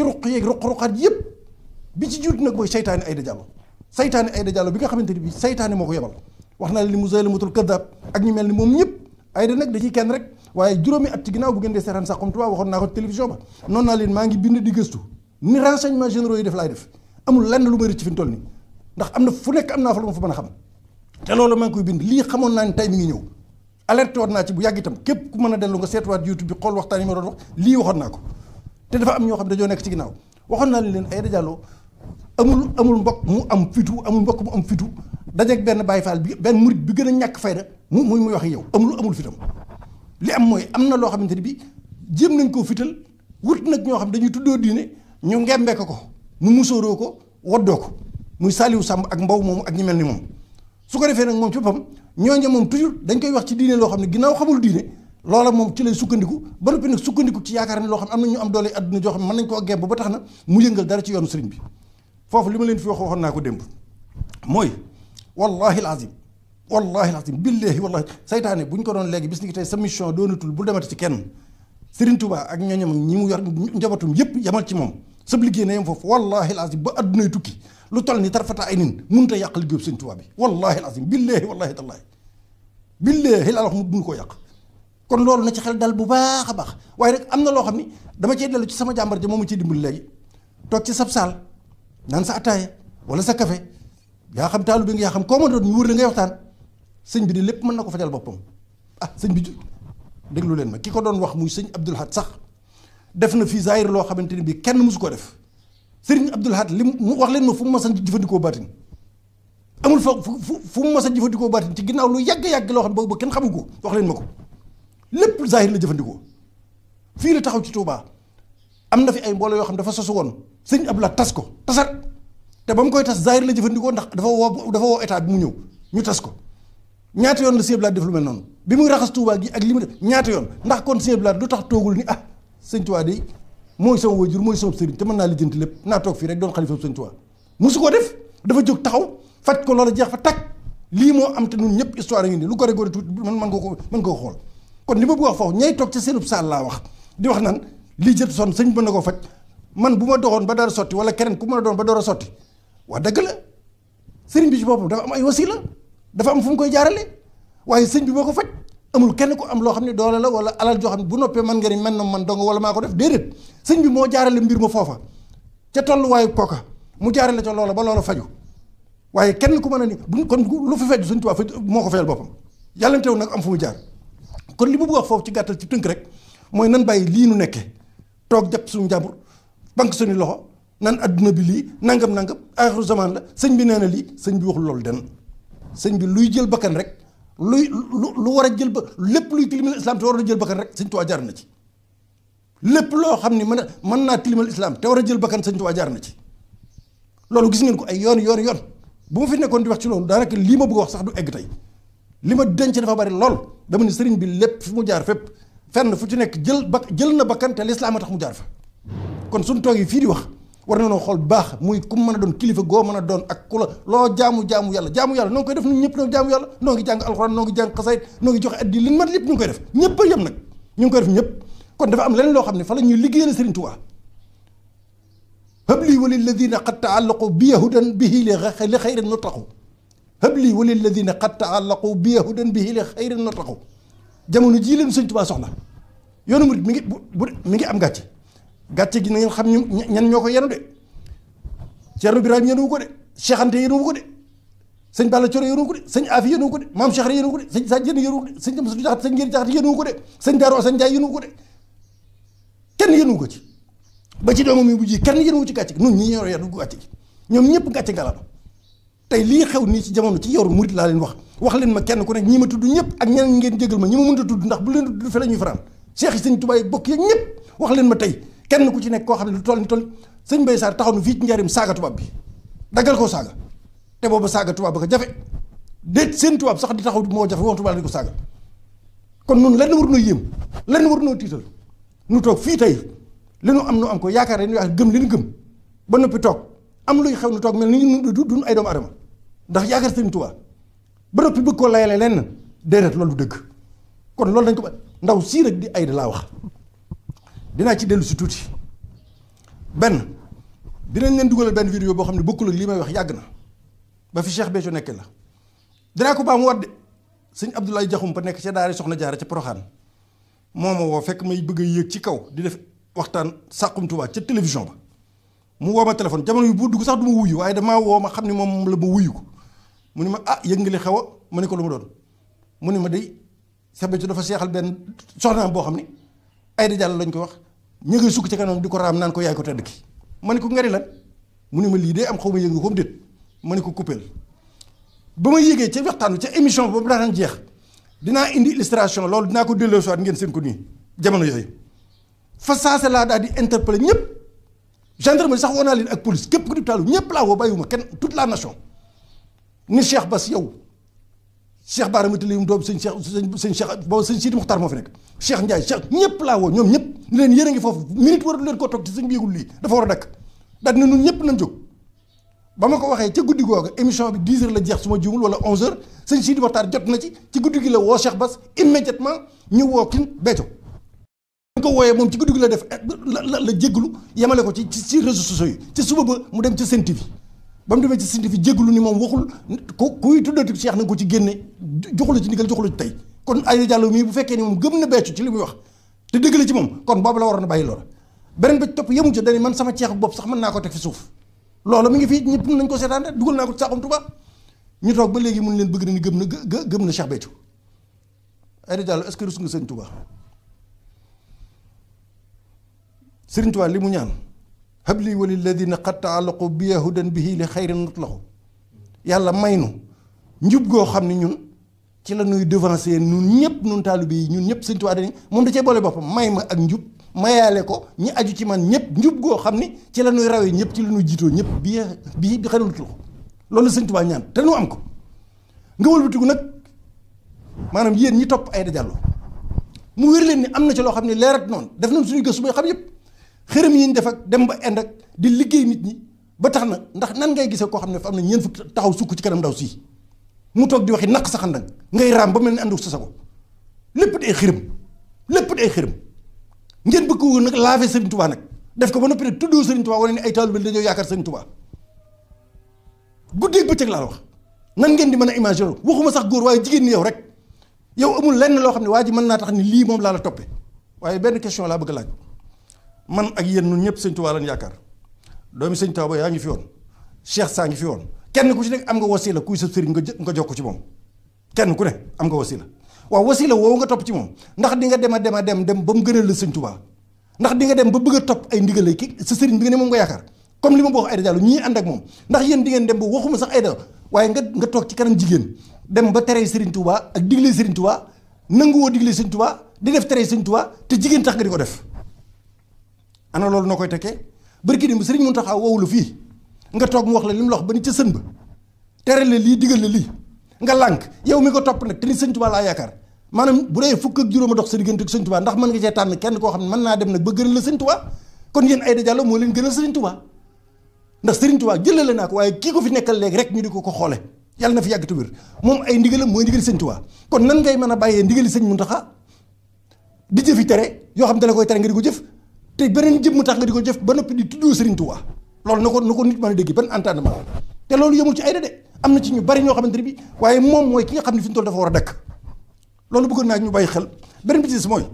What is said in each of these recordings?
ci ruq yeeg ruq-ruqaat yëpp bi ci jiitu nag mooy saytaane Aida Diallo saytaane Aida Diallo bi nga xamante ni bii saytaane moo ko yebal wax naa leen ni Musaylamatul Kaddaab ak ñu mel ni moom ñëpp Aida nag da ciy kenn rek waaye juróomi at ginnaaw bu ngeen dee seetaan Saxum Touba waxoon naa ko télévision ba noonu naa leen maa ngi bind di gëstu ni renseignement généraux yi def laay def amul lenn lu may rëcc fi mu ndax am na fu nekk am naa fa lu ma fa mën a xam te loolu maa ngi koy bind lii xamoon ngi ñëw alerte woon naa ku mën a dellu nga seetuwaat YouTube bi xool waxtaan yi ma ko te dafa am ñoo xam ne dañoo nekk ci ginnaaw waxoon naa leen Aïda Diallo amul amul mbokk mu am fitu amul mbokk mu am fitu dajeeg benn Baye Fall bi benn murit bi gën a ñàkk fayda mu muy muy wax yow amul amul fitam li am mooy am na loo xamante ni bi jéem nañ koo fital wut nag ñoo xam dañuy tuddoo diine ñu ngembee ko ko mu musóoroo ko woddoo ko muy Saliou Samb ak Mbow moomu ak ñi mel ni moom su ko defee nag moom ci boppam ñooñu moom dañ koy wax ci diine loo xam ne ginnaaw xamul diine loola moom ci lay sukkandiku ba noppi nag sukkandiku ci yaakaar ne loo xam am na ñu am doole adduna joo xam mën nañ koo gebb ba tax na mu yëngal dara ci yoonu sëriñ bi foofu li ma leen fi wax waxoon naa ko démb mooy wallahi alazim wallahi alazim billahi wallahi saytaane bu ñu ko doon léegi bis ni ki tey sa bu demati ci kenn Sëriñ Tuubaa ak ñooñam ñi mu yor njabatum yépp yamal ci moom sab liggéey na yem foofu wallahi alazim ba addunay tukki lu toll ni tarfata ay nin mun a yàq liggéeyu Sëriñ Tuubaa bi wallahi alazim billahi wallahi tallahi billahi la wax mu duñ koo yàq kon loolu na ci xel dal bu baax a baax waaye nag am na loo xam ni dama cee dellu ci sama jàmbar ji moomu ciy dimbali léegi toog ci sab saal naan sa attaaya wala sa café yaa xam taalu bi nga xam koo ma doon ñu la ngay waxtaan sëñ bi di lépp mën na ko fajal boppam ah sëñ bi déglu leen ma ki ko doon wax muy sëñ Abdul Ahad sax def na fii zaahir loo xamante ni bii kenn mosu ko def sëriñ Abdul Ahad li mu wax leen ma fu mu mas a jëfandikoo baatin amul fa fu fu mu mas a jëfandikoo baatin ci ginnaaw lu yàgg-yàgg loo xam boobu kenn xamu ko wax leen ma ko lépp zahir la jëfandikoo fii la taxaw ci tuubaa am na fi ay mbooloo yoo xam dafa sosu woon sëñ Abdoulaye tas ko tasat te ba mu koy tas zahir la jëfandikoo ndax dafa woo dafa woo état bi mu ñëw ñu tas ko ñaata yoon la sëñ Abdoulaye def lu mel noonu bi muy raxas Touba gi ak li mu def ñaata yoon ndax kon sëñ Abdoulaye lu tax toogul ni ah sëñ Touba de mooy sama waajur mooy sama sëriñ te mën naa lijjanti lépp naa toog fii rek doon xalifa sëñ Touba musu ko def dafa jóg taxaw faj ko loola jeex fa tàkk lii moo am te ñun ñëpp histoire lu ko récolté tuuti man mën nga ko mën nga ko xool kon li ma bëgg wax foofu ñay toog ca seenub saal laa wax di wax nan lii jël son sëñ mën na koo faj man bu ma doxoon ba dara sotti wala keneen ku mën a doon ba dara sotti waa dëgg la sëriñ bi ci boppam dafa am ay wasila am fu mu koy jaarale waaye sëñ bi moo ko faj amul kenn ku am loo xam ne doole la wala alal joo xam noppee man nga ni man na man dong wala maa ko def déedéet sëñ moo jaarale mbir ma foofa ca tolluwaayu kooka mu jaarale ca loola ba loola faju waaye kenn ku mën a ni bu kon lu fi faj sëñ Tuubaa faj moo ko fayal boppam yàlla teew nag am fu mu jaar kon li ma bëgg wax foofu ci gàttal ci tënk rek mooy nan bàyyi lii nu nekkee toog jàpp suñu njàmbur banque suñu loxo nan àdduna bi lii nangam nangam aaxiru zaman la sëñ bi nee na lii sëñ bi waxul loolu den sëñ bi luy jël bakkan rek luy lu lu war a jël ba lépp luy tilimal islam te war a jël bakkan rek sëñ Tuubaa jaar na ci lépp loo xam ni mën a mën naa tilimal islam te war a jël bakkan sëñ Tuubaa jaar na ci loolu gis ngeen ko ay yoon yoon yoon bu ma fi nekkoon di wax ci loolu daanaka lii ma bëgg wax sax du egg tey lima ma denc dafa bari lol dama ni serigne bi lépp fu mu jaar fep fenn fu ci nek jël jël na bakkan te l'islam tax mu jaar fa kon suñ togi fi di wax war na no xol bax muy kum meuna don kilifa go meuna don ak kula lo jaamu jaamu yàlla jaamu yàlla nokoy def ñun ñëpp noo jaamu yàlla noo ngi jàng alcorane noo ngi jàng qasayd noo ngi joxe addi liñ mat lépp ñu koy def ñëpp yam nak nag ñu koy def ñëpp kon dafa am leneen lo xamni fa la ñuy liggéeyal sëriñ Tuubaa habli ladina qad taallaqu bi yahudan bihi li khayrin nu هب لي وللذين قد تعلقوا بي هدى به لخير نطقوا جامونو جي لن سنتو با سخنا يونو مريد ميغي ميغي ام غاتي غاتي جي نين خام نين ньоكو يانو دي سيرنو ابراهيم يانو كو دي شيخانتي يانو كو دي سيغ بالا تشور يانو كو دي سيغ افي يانو كو دي مام شيخ يانو كو دي سيغ ساجين يانو كو دي سيغ مسجد جاخت سيغ جيري جاخت يانو كو دي جاي يانو كو دي كين يانو كو تي مي بوجي كين يانو تي غاتي نون ني يانو يانو كو غاتي ньоم نييب غاتي tey lii xew nii ci jamono ci yoru murit laa leen wax wax leen ma kenn ku nekk ñi ma tudd ñëpp ak ñeneen ngeen jégal ma ñi ma mënut a tudd ndax bu leen tudd fe la ñuy faral Cheikh Sëñ Tuubaa yi bokk yeeg ñëpp wax leen ma tey kenn ku ci nekk koo xam ne lu toll ni toll sëñ Mbaye Sarr taxaw na fii ci njaarim saaga tubaab bi daggal koo te booba saaga tubaab ba ko jafe déet seen tubaab sax di taxaw moo jafe woon tubaab lañ ko saaga kon noonu lenn war noo yéem lenn war noo tiital nu toog fii tey li nu am nu am ko yaakaar ne nu yaakaar gëm li nu gëm ba noppi toog am luy xew nu toog mel ni du duñ ay doomu adama ndax yaakaar sëñ Tuubaa ba noppi bëgg koo layale lenn déedéet loolu dëgg kon loolu dañ ko ba ndaw sii rek di ay da laa wax dinaa ci dellu si tuuti benn dinañ leen dugalal benn vidéo boo xam ne bokkul ak li may wax yàgg na ba fi Cheikh Béthio nekkee la dinaa ko baa mu wadde sëñ Abdoulaye jaxum ba nekk ca daara soxna jaara ca Porokhane moom a woo fekk may bëgg a yéeg ci kaw di def waxtaan Saxum Touba ca télévision ba mu woo ma téléphone jamono yu bu dugg sax du ma waaye damaa woo ma xam ne moom la ma wuyu ko mu ne ma ah yëg nga li xew a ma ne ko lu mu doon mu ne ma day sabétu dafa seexal benn soxnaam boo xam ne ay da lañ ko wax ñu ngi sukk ci kanam di ko raam naan ko yaay ko tedd ki ma ne ko ngari lan mu ne ma lii dee am xaw ma yëg nga ko déet ma ne ko coupéel ba ma yëgee ca waxtaan ca émission boobu daan jeex dinaa indi illustration loolu dinaa ko delloo soit ngeen seen ko nii jamono yooyu fa saase laa daal di interpeller ñëpp gendarmerie sax woo naa leen ak police képp ku di taalu ñëpp laa la nation ni Cheikh Bass yow Cheikh Baara Matalaye mu doom sëñ Cheikh seigne Cheikh bo seigne Sidi Muxtaar mo fi nek Cheikh Ndiaye Cheikh ñepp la wo ñom ñepp ni leen yere ngi fofu minute waratu leen ko tok ci seigne bi yëgul lii dafa war a dal na ñun ñepp nañ jóg ba ma ko waxee ca guddi googa émission bi 10 h la jeex suma ma wala 11 h seigne Sidi Muxtaar jot na ci ci guddigu la wo Cheikh Bass immédiatement ñu wo kin Béthio ko woyé mom ci guddigu la def la la jégalu yemale ko ci ci réseaux sociaux yi ci suba ba mu dem ci Sen TV ba mu demee ci sëñ bi jégalu ni moom waxul ku kuy tuddati Cheikh na nga ko ci génne joxu la ci ndigal joxu ci tey kon Aida Diallo mii bu fekkee ni moom gëm na beccu ci li muy wax te dëgg la ci moom kon boobu la waroon a bàyyi loola beneen ba topp yemu ca dani man sama ceexu bopp sax mën naa ko teg fi suuf loola mi ngi fii ñëpp nañ ko seetaan de dugal naa ko saxum tuba ñu toog ba léegi mun leen bëgg na ni gëm na gëm na Cheikh Béthio Aida Diallo est-ce que rus nga sëñ Tuba sëriñ Tuba li mu ñaan habli walilladina qad taallaqu bi hudan bihi li xayrin mutlaqu yàlla may nu njub goo xam ne ñun ci la ñuy devancer ñun ñëpp ñun taalibe yi ñun ñëpp sëntuwaa Tuubaa dañuy moom da cee boole boppam may ma ak njub mayaale ko ñi aju ci man ñëpp njub goo xam ni ci la ñuy rawee ñëpp ci la ñuy jiitoo ñëpp bii bii bi xayrin mutlaqu loolu sëñ Tuubaa ñaan te nu am ko nga wëlbatiku nag maanaam yéen ñi topp ay Diallo mu wér leen ni am na ci loo xam ne leer ak noonu def nañ suñu xam yëpp xërëm yi ñu def ak dem ba end di liggéey nit ñi ba tax na ndax nan ngay gisee koo xam ne fa am na ñeent fukki taxaw sukk ci kanam ndaw sii mu toog di waxi naq sa xandang ngay raam ba mel ni àndu sa sago lépp day xërëm lépp day xërëm ngeen bëgg ko nag laafee Serigne Touba nag def ko ba noppi tuddoo Serigne Touba wala ni ay taalibe dañoo yaakaar Serigne Touba guddeeg bëccëg laa la wax nan ngeen di mën a imaginer waxuma sax góor waaye jigéen ñi yow rek yow amul lenn loo xam ne ji mën naa tax ni lii moom laa la toppee waaye benn laa bëgg man ak yéen ñun ñëpp sëñ Tuubaa lañ yaakaar doomi sëñ taw Tuubaa yaa ngi fi woon Cheikh saa ngi fi woon kenn ku ci nekk am nga wasila kuy sa sëriñ nga nga jokk ci moom kenn ku ne am nga wasila waaw wasila woowu nga topp ci moom ndax di nga dem a dem dem dem ba mu gënal la sëñ Tuubaa ndax di nga dem ba bëgg a topp ay ndigal ki sa sëriñ bi nga ne moom nga yaakaar comme li ma boo wax Aïda Diallo ñii ànd ak moom ndax yéen di ngeen dem ba waxuma sax Aïda waaye nga nga toog ci kanam jigéen dem ba teree sëriñ Tuubaa ak digle sëriñ Tuubaa nanguwoo digle sëñ Tuubaa di def tere sëñ te jigéen tax di ko def ana loolu noo koy tekkee barki dem sëriñ Mountakha woowu la fii nga toog mu wax la li mu la wax ba ni ca sën ba tere la lii digal la lii nga lànk yow mi ko topp nag te ni sëñ Tuubaa laa yaakaar maanaam bu dee fukk ak juróom a dox sa diggante ak sëñ ndax mën nga tànn kenn koo xam ne mën naa dem nag ba gënal la sëñ Tuubaa kon yéen Aïda moo leen gënal sëriñ Tuubaa ndax sëriñ Tuubaa jëlale naa ko waaye kii ko fi nekkal léegi rek ñu di ko ko xoole yàlla na fi yàgg tubir moom ay ndigalam mooy ndigali sëñ Tuubaa kon nan ngay mën a bàyyee ndigali sëñ Mountakha di jëfi tere yoo xam ne la koy tere nga ko jëf te beneen jëmm tax nga di ko jëf ba noppi di tuddoo Serigne Touba loolu na ko na ko nit mën a dégg ban entendement te loolu yemul ci ay de am na ci ñu bari ñoo xamante ne bi waaye moom mooy ki nga xam ne fi ñu toll dafa war a dëkk loolu bëggoon naa ñu bàyyi xel beneen bi ci des mooy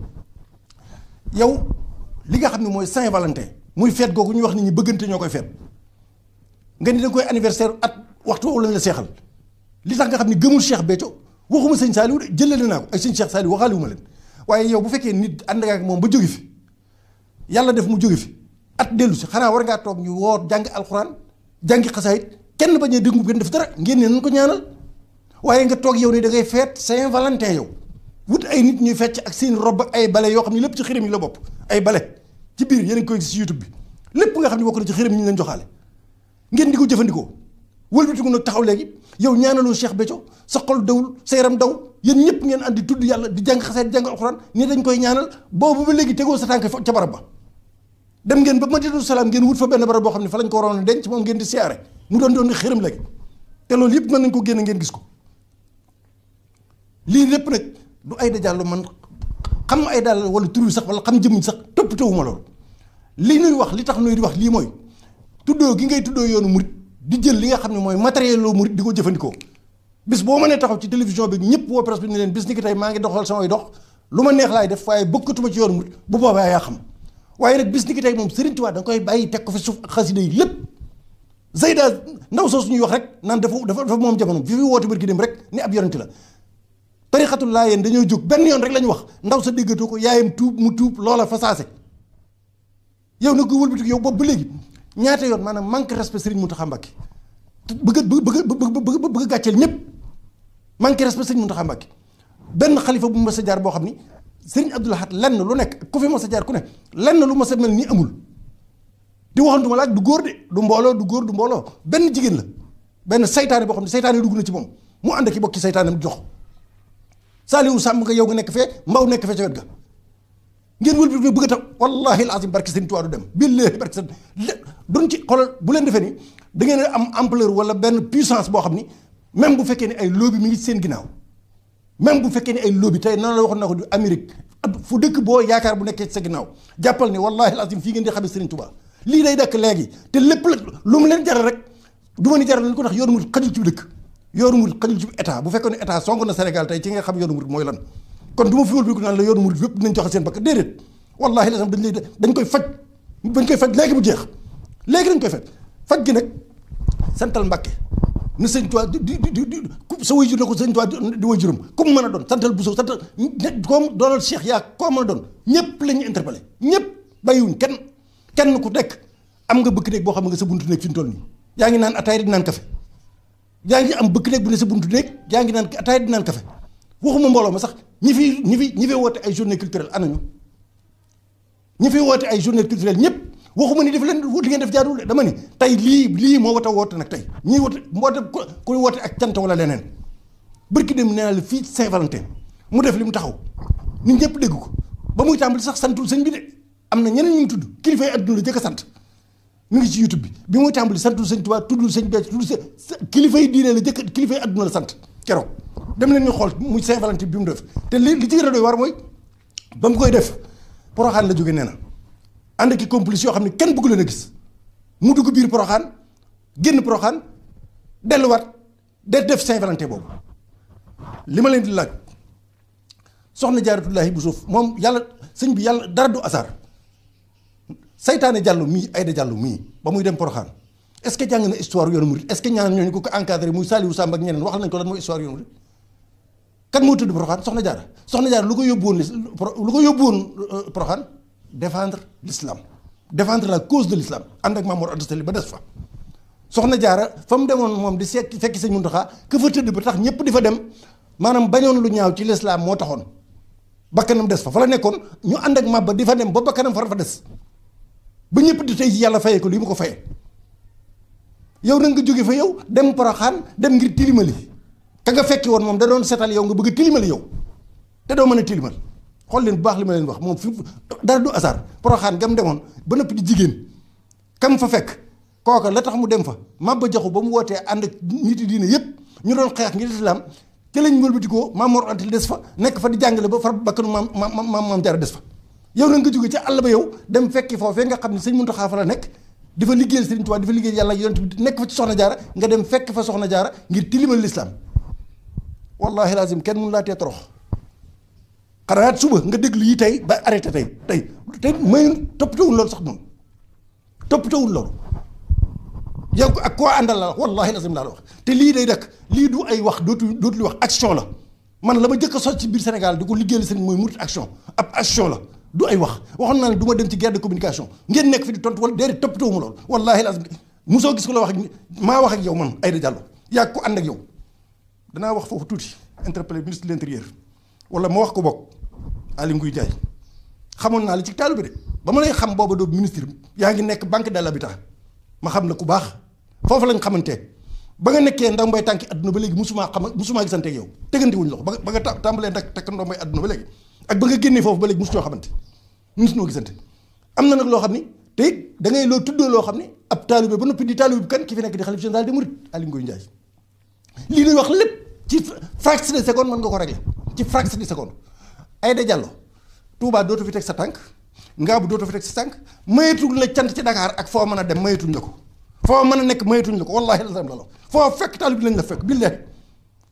yow li nga xam ne mooy Saint-Valentin muy feet googu ñu wax ni ñi bëggante ñoo koy feet nga ni da koy anniversaire at waxtu woowu la seexal li tax nga xam ne gëmul Cheikh Béthio waxuma sëñ Saliou de jëlale naa ko ak sëñ Cheikh Saliou waxaaliwuma leen waaye yow bu fekkee nit ànd ak moom ba jóge fi yàlla def mu jóge fi at dellu si xanaa war ngaa toog ñu woor jàngi alxuraan jàngi xasaayit kenn bañ a dégg ngeen def dara ngeen ne nañ ko ñaanal waaye nga toog yow ni da ngay feet Saint Valentin yow wut ay nit ñuy fecc ak seen rob ak ay bale yoo xam ne lépp ci xirim yi la bopp ay bale ci biir yéen a ngi koy gis YouTube bi lépp nga xam ne bokk na ci xirim yi ñu leen joxaale ngeen di ko jëfandikoo wëlbatiku nag taxaw léegi yow ñaanaloo cheikh béthio sa xol dawul sa yaram daw yeen ñepp ngeen andi tudd yalla di jang xasse jang alquran ni dañ koy ñaanal boobu ba legi teggo sa tànk ci barab ba dem ngeen ba madinatu salam ngeen wut fa ben barab bo xamni fa lañ ko woron denc moom ngeen di siaré mu don don xërem legi té lool yépp man nañ ko génn ngeen gis ko li lepp nak du ay jallu man xam ay dal wala turu sax wala xam jëmuñ sax toppatewuma lool li ñuy wax li tax ñuy di wax li moy tuddo gi ngay tuddo yoonu murid di jël li nga xam ne mooy matériel loo murit di ko jëfandikoo bis boo mënee taxaw ci télévision bi ñëpp woo presse bi ni leen bis ni ki tey maa ngi doxal samay dox lu ma neex laay def waaye bëkkatuma ci yoon murit bu boobaa yaa xam waaye nag bis ni ki tey moom Serigne Touba da koy bàyyi teg ko fi suuf ak xasida yi lépp Zeyda ndaw soo suñuy wax rek naan dafa dafa dafa moom jamono fi fi woote bërki dem rek ni ab yonente la tarixatul laayeen dañoo jóg benn yoon rek lañu wax ndaw sa déggatoo ko yaayam tuub mu tuub loola fa saase yow nag yow boobu ba léegi ñaata yoon maanaam manque respect Serigne Mountakha Mbacké bëgg bëgg bëgg bëgg gàcceel ñëpp manque respect Serigne Mountakha Mbacké benn xalifa bu mu mës a jaar boo xam ni Serigne Abdou Lahad lenn lu nekk ku fi mës a ku ne lenn lu mës a mel nii amul di waxantuma laaj du góor de du mbooloo du góor du mbooloo benn jigéen la benn seytaane boo xam ne saytaane dugg na ci moom mu ànd ak i bokki saytaanam jox Saliou Samb nga yow nga nekk fee mbaw nekk ca wet ngeen wëlbati bëgg a tax wallaahi al azim barke dem billaahi duñ ci xoolal bu leen defee ni da ngeen am ampleur wala benn puissance boo xam ni même bu fekkee ni ay lobby mi ngi seen ginnaaw même bu fekkee ni ay lobby tey nan la waxoon na ko du Amérique fu dëkk boo yaakaar bu nekkee sa ginnaaw jàppal ni wallaahi alazim fii ngeen di xamee Serigne Touba lii day dakk léegi te lépp la leen jaral rek du ko tax yoonu murid xajul ci dëkk yoonu murid xajul ci état bu fekkoon ne état nga xam yoonu murid mooy lan kon du ma fi wëlbiku naan la yoonu seen bakk déedéet wallaahi alazim dañ koy faj dañ koy faj léegi bu jeex léegi dañ koy fet faj gi nag santal Mbàkke na sëñ Tuubaa di di di di sa waajur na ko sëñ Tuubaa di waajuram comme mën a doon santal Buso santal comme doonal Cheikh yaa koo mën a doon ñëpp la ñu interpellé ñëpp bàyyiwuñ kenn kenn ku nekk am nga bëkk néeg boo xam ne nga sa buntu néeg fi ñu toll nii yaa ngi naan ataay di naan kafe yaa ngi am bëkk néeg bu ne sa buntu néeg yaa ngi naan ataay di naan kafe waxuma mbooloo ma sax ñi fi ñi fi ñi fi woote ay journée culturelle ana ñu ñi fi woote ay journée culturelle ñëpp waxuma ni def leen li ngeen def jaaduwul dama ni tey lii lii moo wata woote nag tey moo woote ko ku woote ak cant wala leneen bërki dem nee naa la fii Saint-Valentin mu def li mu taxaw nit ñëpp dégg ko ba muy tàmbali sax santul sëñ bi de am na ñeneen ñu tudd kilifa yi adduna jëkk sant mu ngi ci YouTube bi bi muy tàmbali santul sëñ Tuubaa tuddul sëñ bi tuddul sëñ kilifa yi diine la jëkk kilifa yi adduna la sant keroog dem leen ñu xool mu Saint-Valentin bi mu def te li li ci gën a war mooy ba mu koy def poroxaan la jóge nee na ànd ak i complice yoo xam ne kenn bëgg leen a gis mu dugg biir Porokhane génn Porokhane delluwaat de def Saint-Valentin boobu li ma leen di laaj soxna Jaaratullaahi bu suuf moom yàlla sëñ bi yàlla dara du hasard saytaane jàllu mii Aïda Jàllu mii ba muy dem Porokhane est que jàng na histoire yoonu murid est-ce que ñaan ñooñu ko ko encadré muy Saliou Samb ak ñeneen waxal nañ ko lan mooy histoire yoonu murid kan moo tudd Porokhane soxna Jaara soxna Jaara lu ko yóbbu lu ko yóbbu woon euh, Porokhane défendre l'islam défendre la cause de l'islam and ak mamour adustali ba def fa soxna jaara fam demon mom di sekk fekk seigne muntaxa ke fa teud ba tax ñepp di fa dem manam bañon lu ñaaw ci l'islam mo taxone bakkanam def fa fa la nekkon ñu and ak mabba di fa dem ba bakkanam fa fa dess ba ñepp di tay yalla fayé ko limu ko fayé yow nga joggé fa yow dem paraxan dem ngir tilimali ka nga fekki won mom da doon setal yow nga bëgg tilimali yow da do mëna tilimali xool leen bu baax li ma leen wax moom fi dara du hasard poroxaan gam demoon ba noppi di jigéen kam fa fekk kooka la tax mu dem fa Maba Jaxu ba mu wootee ànd ak nit diine yëpp ñu doon xeex ngir lislaam te lañ wëlbatikoo maam Mor Anta des fa nekk fa di jàngale ba far bakkanu maam maam maam Jaara des fa yow nag nga jóge ci àll ba yow dem fekki foofee nga xam ne sëñ Muntaxa fa la nekk di fa liggéeyal Sëriñ Tuubaa di fa liggéeyal yàlla yonent bi nekk fa ci soxna jaara nga dem fekk fa soxna jaara ngir tilimal lislaam wallahi lazim kenn mënu laa tee torox xanaa suba nga déglu yi tey ba arrêté tey tey tey may toppatawul loolu sax noonu toppatawul loolu yow ak koo àndal la wax wallahi lazim laa te lii day dakk lii du ay wax dootu dootul wax action la man la ma jëkk a ci biir Sénégal di ko liggéeyal seen mooy mut action ab la du ay wax waxoon naa ne du ma dem ci guerre communication ngeen nekk fi di tontu wala déedéet toppatawuma loolu wallahi lazim musoo gis ko la wax ak maa wax yow man Aïda Diallo yaa ko ànd ak yow danaa wax foofu tuuti interpellé ministre de l'intérieur wala moo wax ko bokk Aly Ngouille Ndiaye xamoon naa la ci taalibe de ba ma lay xam booba doo ministre yaa ngi nekk banque de l'habitat ma xam la ku baax foofu lañ xamante ba nga nekkee ndax mbay tànki àdduna ba léegi musumaa xam musumaa gisante ak yow tëggandiwuñ loxo ba nga tàmbalee nag takk ndox mbay àdduna ba léegi ak ba nga génnee foofu ba léegi musu ñoo xamante musu ñoo gisante am na nag loo xam ne te da ngay loo tuddoo loo xam ne ab taalibe ba noppi di taalibe bi kan ki fi nekk di xalif général des mourides Aly Ngouille Ndiaye lii lay wax lépp ci fraction de seconde mën nga ko régler ci fraction de seconde Aïda Diallo Touba dootu fi teg sa tànk Ngaabu dootu fi teg sa tànk mayatuñ la cant ci Dakar ak foo mën a dem mayatuñ la ko foo mën a nekk mayatuñ la ko wallaahi la la foo fekk taalib lañ la fekk billahi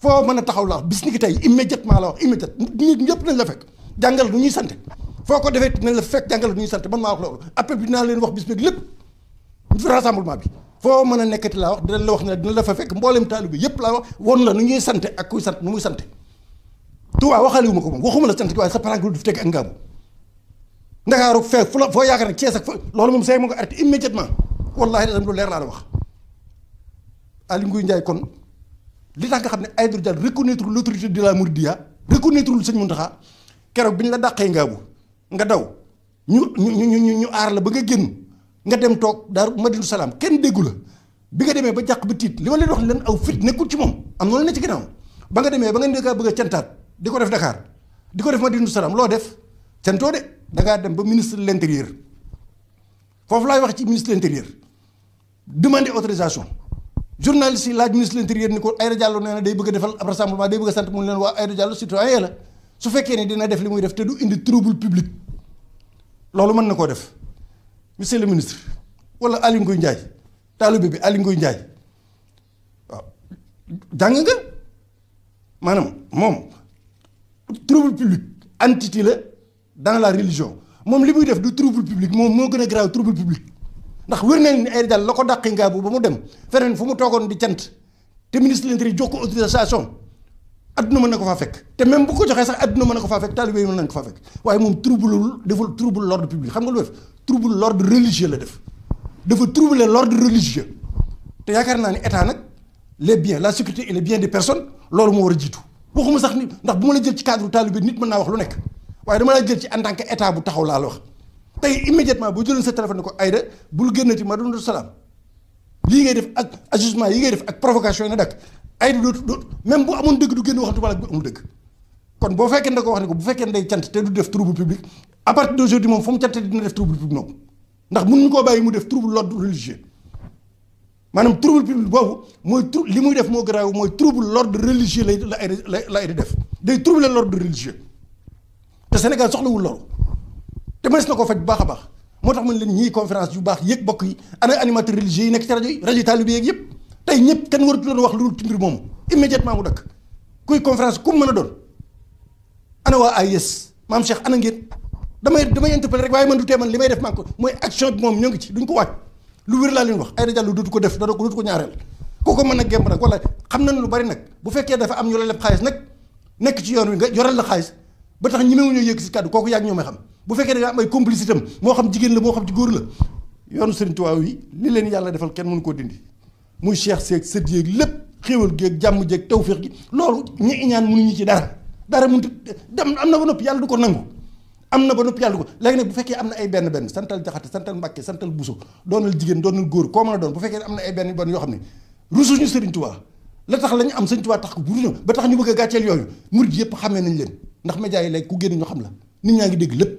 foo mën a taxaw la wax bis ni ki tey immédiatement la ñëpp nañ la fekk jàngal lu ñuy sante foo ko defee nañ la fekk jàngal lu ñuy sante man maa wax loolu appel bi dinaa leen wax bis bi lépp rassemblement bi foo mën a nekkati laa wax dinañ la wax ne dina la fa fekk mboolem taalib bi yëpp laa wax woon la nu ñuy sante ak kuy sant nu sante Touba waxaale wu ma ko moom waxuma la sant gi waaye sa parent du fi teg ak ngaabu ndakaaru fee fu la foo yaakaar ne Cees ak fa loolu moom say ma ko arrêté immédiatement wallaahi lu leer laa la wax Aly Ngouille Ndiaye kon li tax nga xam ne Aïdara Diallo reconnaître l'autorité de la Mouridia reconnaître lu sëñ Mountakha keroog bi ñu la dàqee ngaabu nga daw ñu ñu ñu ñu aar la ba nga génn nga dem toog Daaru Madinatu Salaam kenn déggu la bi nga demee ba jàq ba tiit li ma leen wax leen aw fit nekkul ci moom am na lu ne ci ginnaaw ba nga demee ba nga nekk bëgg a cantaat di ko def Dakar di ko def Madinatu Salaam loo def cantoo de dangaa dem ba ministre de l' foofu laay wax ci ministre de l' intérieur demander autorisation journaliste yi laaj ministre de l' intérieur ni ko Aïda Diallo nee day bëgg a defal ab rassemblement day bëgg a sant mu leen waa Aïda Diallo citoyen la su fekkee ne dina def li muy def te du indi trouble public loolu mën na koo def monsieur le ministre wala Aly Ngouille Ndiaye taalibe bi Aly Ngouille Ndiaye waaw jàng maanaam moom. trouble public entité la dans la religion Mon livre de def du trouble public Mon moo gën grave trouble public ndax wér nañ ni ay dal lako ko dàqi ngaa bu mu dem feneen fu mu di te ministre de l'intérieur jox autorisation aduna mën na ko faa fekk te même bu ko joxee sax aduna mën ko ko deful trouble l'ordre public xam nga lu trouble l'ordre religieux la def dafa troubler l'ordre religieux te yaakaar naa ni état nak les biens la sécurité et les biens des personnes lolu mo wara a waxuma sax nit ndax bu ma la jël ci cadre taalibe nit mën naa wax lu nekk waaye dama la jël ci en tant que état bu taxaw laa wax tey immédiatement boo jëloon sa téléphone ne ko Aïda bul génnati ma doon salaam lii ngay def ak ajustement yi ngay def ak provocation yi na dakk Aïda dootu dootu même bu amoon dëgg du génn waxantuma la bu amul dëgg kon boo fekkee ne wax ne ko bu fekkee day cante te du def trouble public à partir d'aujourd'hui moom fa mu cant dina def moom ndax mu def trouble l'ordre religieux manam trouble public boobu moy trou li muy def mo garaaw moy trouble l'ordre religieux lay la la la ay def day troubler l'ordre religieux te senegal soxla soxlawul loolu te mënees na koo faj bu baax a baax moo man leen ñii conférence yu baax yek bokk yi ana animateur religieux yi nekk ci rajo yi rajo taalibe yeeg yëpp tey ñëpp kenn waratu wax lu dul ci mbir moomu immédiatement mu dakk kuy conférence ku mu doon ana wa ayes mam Cheikh ana ngeen damay damay interpeller rek waye man du tee man limay def man ko moy action bi mom ñoo ngi ci duñ ko wàcc. lu wér laa leen wax Aïda Diallo dootu ko def dootu ko dootu ko ñaareel ko mën a gemb nag wala xam nañu lu bari nag bu fekkee dafa am ñu la xaalis nag nekk ci yoon wi nga yoral la xaalis ba tax ñi mewuñoo yëg si kàddu kooku yàgg ñoo xam bu fekkee da nga am ay complicité am moo xam jigéen la moo xam ci góor la yoonu Sëriñ Tuubaa yi li leen yàlla defal kenn mënu koo dindi muy cheikh seeg sët yéeg lépp xéewal géeg jàmm jéeg tawféex gi loolu ñi iñaan mënuñu ci dara dara mënut dem am na ba nopp yàlla du ko nangu am na ba noppi yàlla ko léegi nag bu fekkee am na ay benn benn santal jaxate santal mbàkke santal buso doonal jigéen doonal góor koo mën a doon bu fekkee am na ay benn benn yoo xam ne rusuñu sëriñ tubaa la tax la ñu am sëriñ tubaa tax ko buruñu ba tax ñu bëgg a gàcceel yooyu murid yëpp xamee nañ leen ndax média yi léegi ku génn ñu xam la nit ñaa ngi dégg lépp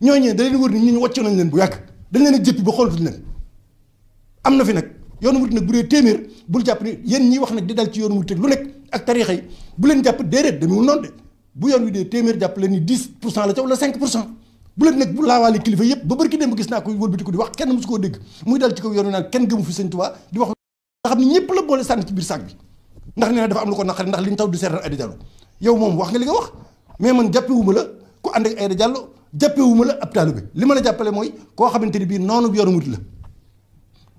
leen wër ni ñu ñu wàcc leen bu yàgg dañ leen a jëppi ba xoolatuñ leen am na fi nag yoonu murid nag bu dee téeméer jàpp ni yéen ñiy wax nag di dal ci yoonu murid lu nekk ak tariixa yi leen jàpp déedéet demewul noonu bu yoon wi dee téeméer jàpp leen ni 10 pour cent la ca wala 5 pour cent bu leen nekk bu laawaale kilifa yëpp ba barki démb gis naa ko wëlbatiku di wax kenn mosu koo dégg muy dal ci kaw yoon wi naan kenn gëmu fi Sëñ Tuubaa di wax nga xam ne ñëpp la boole sànni ci biir saak bi ndax nee na dafa am lu ko naqari ndax li ñu taw di seetaan Aida Diallo yow moom wax nga li nga wax mais man jàppewuma la ku ànd ak Aida Diallo jàppewuma la ab taalibe li ma la jàppale mooy koo xamante ni bii noonu yoonu murit la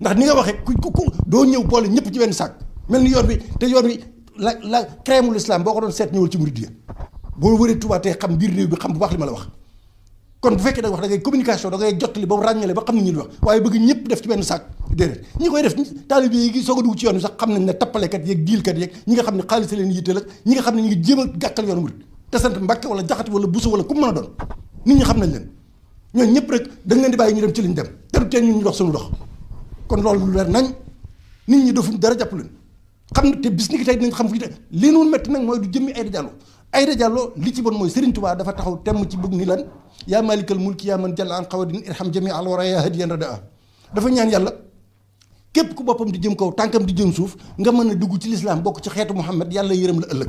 ndax ni nga waxee ku ku doo ñëw boole ñëpp ci benn saak mel ni yoon bi te yoon bi la la crème boo ko doon seet ñëwul ci murit boo wëree Touba tey xam biir réew bi xam bu baax li ma la wax kon bu fekkee da wax da ngay communication da ngay jottali ba ràññale ba xam ni ñu di wax waaye bëgg ñëpp def ci benn saak déedéet ñi koy def taalib yi soog a dugg ci yoon bi sax xam nañ ne tappalekat yeeg diilkat yeeg ñi nga xam ne xaalis leen yitteel ne ñu ngi jéem a gàkkal yoon murit te sant Mbàkke wala jaxati wala buso wala ku mën a doon nit ñi xam nañ leen ñëpp rek dañ leen di bàyyi ñu dem ci liñ ñu dox suñu dox kon loolu lu leer nañ nit ñi defuñ dara jàpp xam na te bis ni ki xam fu ñu nag mooy du jëmmi ay Aïda Diallo li ci bon mooy Serigne Touba dafa taxaw temm ci bëgg ni lan yaa malikal mulki yaa man jalla an xawadin irham jami al yaa hadiyan radaa dafa ñaan yàlla képp ku boppam di jëm kaw tànkam di jëm suuf nga mën a dugg ci lislaam bokk ci xeetu Muhammad yàlla yërëm la ëllëg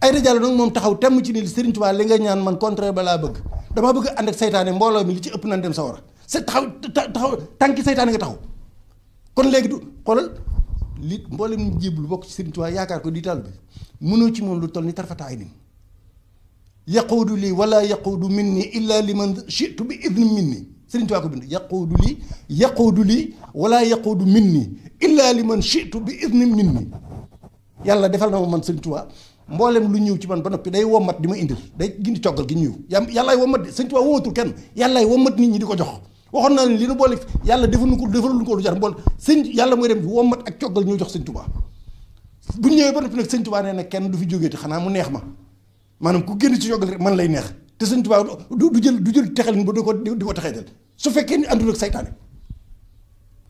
Aïda Diallo nag moom taxaw temm ci ni Serigne Touba li nga ñaan man contraire ba laa bëgg damaa bëgg ànd ak saytaane mbooloo mi li ci ëpp nan dem sa c'est taxaw taxaw tànki sey nga taxaw li mboolem ñu jéblu bokk ci Sëriñ Tuubaa yaakaar ko di taal bi mënoo ci moom lu toll ni tarfata ay nin yaquudu lii wala yaquudu minni illa liman shitu bi idni minni Sëriñ Tuubaa ko bind yaquudu lii yaquudu lii wala yaquudu minni illa liman shitu bi idni yàlla defal na ma man Sëriñ Tuubaa mboolem lu ñëw ci man ba noppi day wommat di ma indil day gindi coggal gi ñëw yàllaay wommat de Sëriñ Tuubaa wootul kenn yàllaay wommat nit ñi di ko jox waxoon naa leen li nu boole yàlla defuñu ko defaluñu ko lu jar mbool sëñ yàlla mooy dem wommat ak coggal ñoo jox sëñ Tuubaa bu ñëwee ba noppi nag sëñ Tuubaa nee kenn du fi jógeeti xanaa mu neex ma maanaam ku génn ci coggal rek man lay neex te sëñ Tuubaa du jël du jël texalin ba di ko di ko texeetal su fekkee ni àndul ak saytaane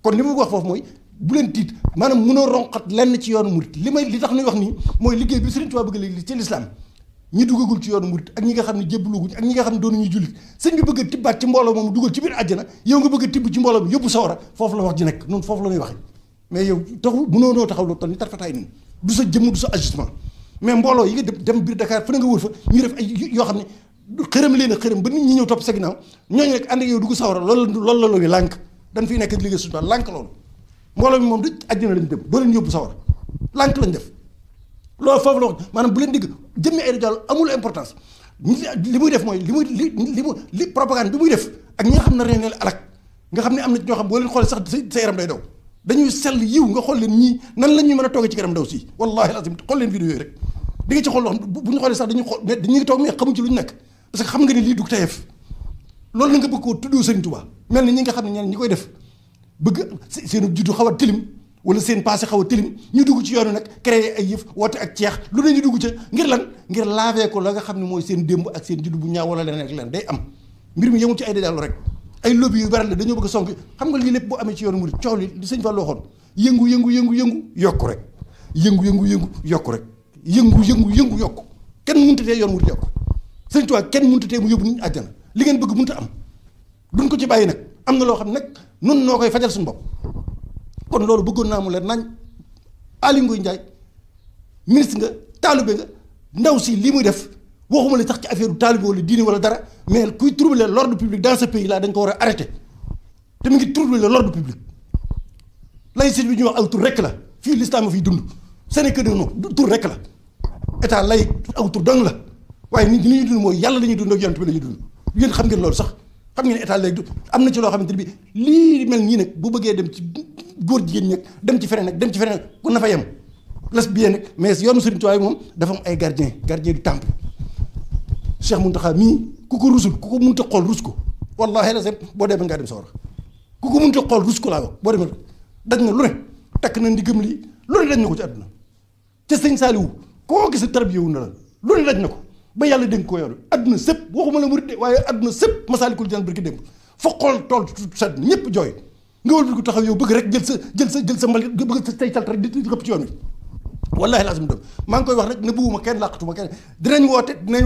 kon li ma wax foofu mooy bu leen tiit maanaam mënoo ronqat lenn ci yoon murit li may li tax ñuy wax nii mooy liggéey bi sëriñ Tuubaa bëgg léegi ci lislaam ñi duggagul ci yoonu murit ak ñi nga xam ne jébbaluguñ ak ñi nga xam ne doonuñu jullit sëñ bi bëgg a tibbaat ci mbooloo moom dugal ci biir àjjana yow a tibb ci mbooloo bi yóbbu sawara foofu la wax ji nekk mais yow du sa jëmm yi nga dem dem biir Dakar fu ne nga wër ñu def yoo xam ne xërëm leen a ba nit ñi ñëw topp sa ginnaaw ñooñu rek ànd ak yow dugg sawara loolu la looyu lànk dañ fiy nekk liggéey suñu lànk moom du àjjana lañ dem doo leen yóbbu sawara lànk lañ def loolu foofu la maanaam bu leen digg jëmmi Aïda Diallo amul importance li muy def mooy li muy li mu li propagande bi muy def ak ñi nga xam ne ren leen alak nga xam ne am na ñoo xam boo leen xoolee sax sa yaram day nga xool leen ñii nan la ñuy mën a toogee ci kanam daw si wallahi lazim xool leen vidéo yooyu rek di ci xool loo xam bu ñu xoolee sax dañuy xool mais dañu toog mais xamuñ ci lu ñu nekk parce que xam nga ne lii du tayef loolu def bëgg xaw a tilim wala seen passé xaw a tilim ñu dugg ci yoonu nag créer ay yëf woote ak ceex lu ne ñu dugg ca ngir lan ngir laavee ko la nga xam ne mooy seen démb ak seen juddu bu ñaaw wala leneen ak leneen day am mbir mi yemul ci ay dédaalu rek ay lobby yu bari la dañoo bëgg a song xam nga lii lépp boo amee ci yoonu murid coow li li sëñ yëngu yëngu yëngu yokku rek yëngu yëngu yëngu yokku rek yëngu yëngu yëngu yokku kenn muntatee yoon murid yokku sëñ Tuubaa kenn muntatee mu yóbbu ñu àjjana li ngeen bëgg munta am duñ ko ci bàyyi nag am na loo xam nag nun noo koy fajal suñu bopp kon loolu bëggoon naa mu leer nañ Aly Ngouille Ndiaye ministre nga taalibe nga ndaw si lii muy def waxuma la sax ci affaire bu wala diine wala dara mais kuy troubler l'ordre public dans ce pays là dañ ko war a arrêté te mu ngi troubler l'ordre public laïcité bi ñu wax aw tur rek la fii l'islam fi dund de du tur rek la état lay aw tur dong la waaye nit ñi li dund mooy yàlla la ñuy dund ak yonent bi la ñuy dund yéen xam ngeen loolu sax xam ngeen état léegi am na ci loo xamante ne bii lii mel nii nag bu bëggee dem ci góor jigéen ñi nag dem ci feneen nag dem ci feneen nag ku na fa yem lesbienne nag mais yoonu Serigne Touba moom dafa am ay gardien gardien tàmp temple Cheikh Mountakha mii ku ko rusul ku ko munta xool rus ko wallahi la boo demee ngaa dem sa war ku ko munta xool rus ko laa wax boo demee daj na lu ne takk na ndigam lii lu ne daj na ko ci àdduna te sëñ Saliou koo gis tarbiyewu na la lu ne na ko ba yàlla dénk ko yoon wi adduna sëpp waxuma la murit de waaye adduna sëpp masaalikul jinaan barki démb fa xool tool sedd ñëpp jooy nga wëlbati ko taxaw yow bëgg rek jël sa jël sa jël bëgg sa say salt rek di xëpp ngi koy